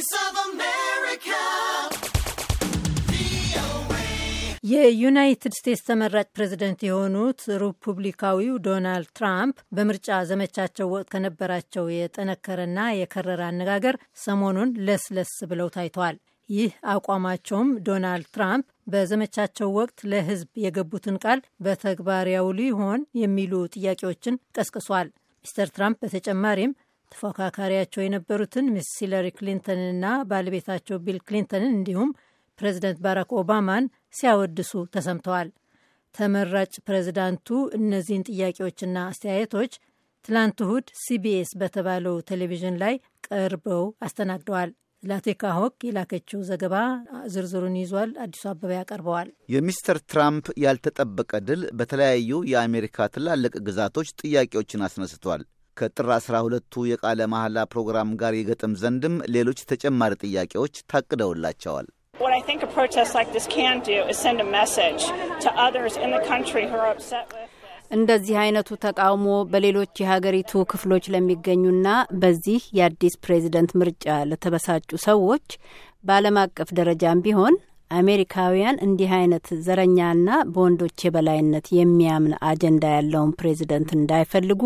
Voice of America. የዩናይትድ ስቴትስ ተመራጭ ፕሬዝደንት የሆኑት ሪፑብሊካዊው ዶናልድ ትራምፕ በምርጫ ዘመቻቸው ወቅት ከነበራቸው የጠነከረና የከረረ አነጋገር ሰሞኑን ለስለስ ብለው ታይተዋል። ይህ አቋማቸውም ዶናልድ ትራምፕ በዘመቻቸው ወቅት ለሕዝብ የገቡትን ቃል በተግባር ያውሉ ይሆን የሚሉ ጥያቄዎችን ቀስቅሷል። ሚስተር ትራምፕ በተጨማሪም ተፎካካሪያቸው የነበሩትን ሚስ ሂለሪ ክሊንተንንና ባለቤታቸው ቢል ክሊንተንን እንዲሁም ፕሬዚደንት ባራክ ኦባማን ሲያወድሱ ተሰምተዋል። ተመራጭ ፕሬዚዳንቱ እነዚህን ጥያቄዎችና አስተያየቶች ትላንት እሁድ ሲቢኤስ በተባለው ቴሌቪዥን ላይ ቀርበው አስተናግደዋል። ላቴካ ሆክ የላከችው ዘገባ ዝርዝሩን ይዟል። አዲሱ አበባ ያቀርበዋል። የሚስተር ትራምፕ ያልተጠበቀ ድል በተለያዩ የአሜሪካ ትላልቅ ግዛቶች ጥያቄዎችን አስነስቷል። ከጥር 12ቱ የቃለ መሐላ ፕሮግራም ጋር ይገጥም ዘንድም ሌሎች ተጨማሪ ጥያቄዎች ታቅደውላቸዋል። እንደዚህ አይነቱ ተቃውሞ በሌሎች የሀገሪቱ ክፍሎች ለሚገኙና በዚህ የአዲስ ፕሬዝደንት ምርጫ ለተበሳጩ ሰዎች በዓለም አቀፍ ደረጃም ቢሆን አሜሪካውያን እንዲህ አይነት ዘረኛና በወንዶች የበላይነት የሚያምን አጀንዳ ያለውን ፕሬዚደንት እንዳይፈልጉ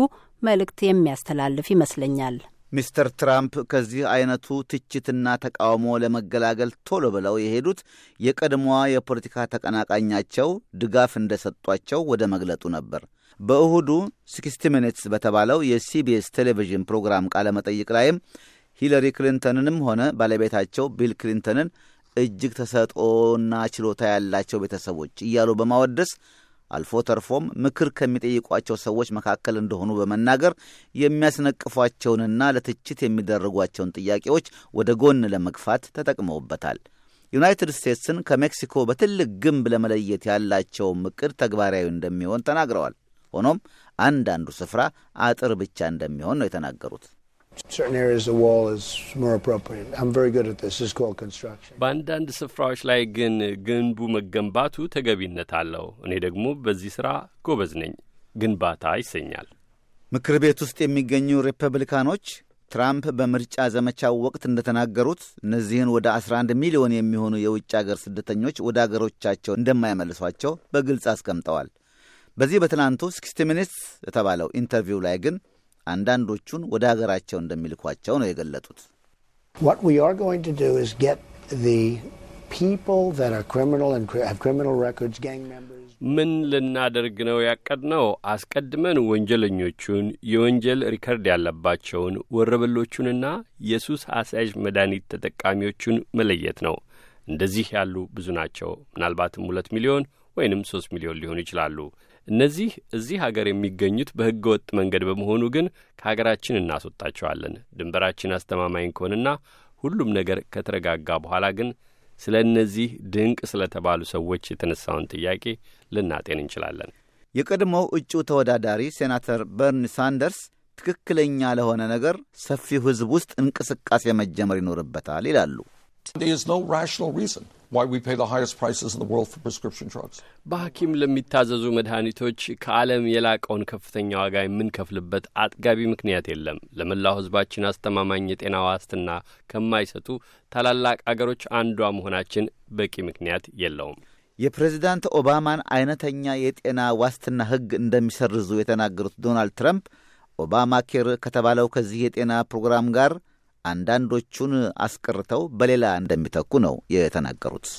መልእክት የሚያስተላልፍ ይመስለኛል። ሚስተር ትራምፕ ከዚህ አይነቱ ትችትና ተቃውሞ ለመገላገል ቶሎ ብለው የሄዱት የቀድሞዋ የፖለቲካ ተቀናቃኛቸው ድጋፍ እንደሰጧቸው ወደ መግለጡ ነበር። በእሁዱ 60 ሚኒትስ በተባለው የሲቢኤስ ቴሌቪዥን ፕሮግራም ቃለ መጠይቅ ላይም ሂለሪ ክሊንተንንም ሆነ ባለቤታቸው ቢል ክሊንተንን እጅግ ተሰጥኦና ችሎታ ያላቸው ቤተሰቦች እያሉ በማወደስ አልፎ ተርፎም ምክር ከሚጠይቋቸው ሰዎች መካከል እንደሆኑ በመናገር የሚያስነቅፏቸውንና ለትችት የሚደረጓቸውን ጥያቄዎች ወደ ጎን ለመግፋት ተጠቅመውበታል። ዩናይትድ ስቴትስን ከሜክሲኮ በትልቅ ግንብ ለመለየት ያላቸው እቅድ ተግባራዊ እንደሚሆን ተናግረዋል። ሆኖም አንዳንዱ ስፍራ አጥር ብቻ እንደሚሆን ነው የተናገሩት። በአንዳንድ ስፍራዎች ላይ ግን ግንቡ መገንባቱ ተገቢነት አለው። እኔ ደግሞ በዚህ ስራ ጎበዝ ነኝ፣ ግንባታ ይሰኛል። ምክር ቤት ውስጥ የሚገኙ ሪፐብሊካኖች ትራምፕ በምርጫ ዘመቻው ወቅት እንደተናገሩት እነዚህን ወደ 11 ሚሊዮን የሚሆኑ የውጭ አገር ስደተኞች ወደ አገሮቻቸው እንደማይመልሷቸው በግልጽ አስቀምጠዋል። በዚህ በትናንቱ ሲክስቲ ሚኒትስ የተባለው ኢንተርቪው ላይ ግን አንዳንዶቹን ወደ ሀገራቸው እንደሚልኳቸው ነው የገለጡት። ምን ልናደርግ ነው ያቀድነው? አስቀድመን ወንጀለኞቹን፣ የወንጀል ሪከርድ ያለባቸውን ወረበሎቹንና የሱስ አስያዥ መድኃኒት ተጠቃሚዎቹን መለየት ነው። እንደዚህ ያሉ ብዙ ናቸው። ምናልባትም ሁለት ሚሊዮን ወይንም ሶስት ሚሊዮን ሊሆኑ ይችላሉ። እነዚህ እዚህ ሀገር የሚገኙት በሕገ ወጥ መንገድ በመሆኑ ግን ከሀገራችን እናስወጣቸዋለን። ድንበራችን አስተማማኝ ከሆንና ሁሉም ነገር ከተረጋጋ በኋላ ግን ስለ እነዚህ ድንቅ ስለተባሉ ሰዎች የተነሳውን ጥያቄ ልናጤን እንችላለን። የቀድሞው እጩ ተወዳዳሪ ሴናተር በርኒ ሳንደርስ ትክክለኛ ለሆነ ነገር ሰፊው ሕዝብ ውስጥ እንቅስቃሴ መጀመር ይኖርበታል ይላሉ። በሐኪም ለሚታዘዙ መድኃኒቶች ከዓለም የላቀውን ከፍተኛ ዋጋ የምንከፍልበት አጥጋቢ ምክንያት የለም። ለመላው ሕዝባችን አስተማማኝ የጤና ዋስትና ከማይሰጡ ታላላቅ አገሮች አንዷ መሆናችን በቂ ምክንያት የለውም። የፕሬዚዳንት ኦባማን አይነተኛ የጤና ዋስትና ሕግ እንደሚሰርዙ የተናገሩት ዶናልድ ትራምፕ ኦባማ ኬር ከተባለው ከዚህ የጤና ፕሮግራም ጋር አንዳንዶቹን አስቀርተው በሌላ እንደሚተኩ ነው የተናገሩት።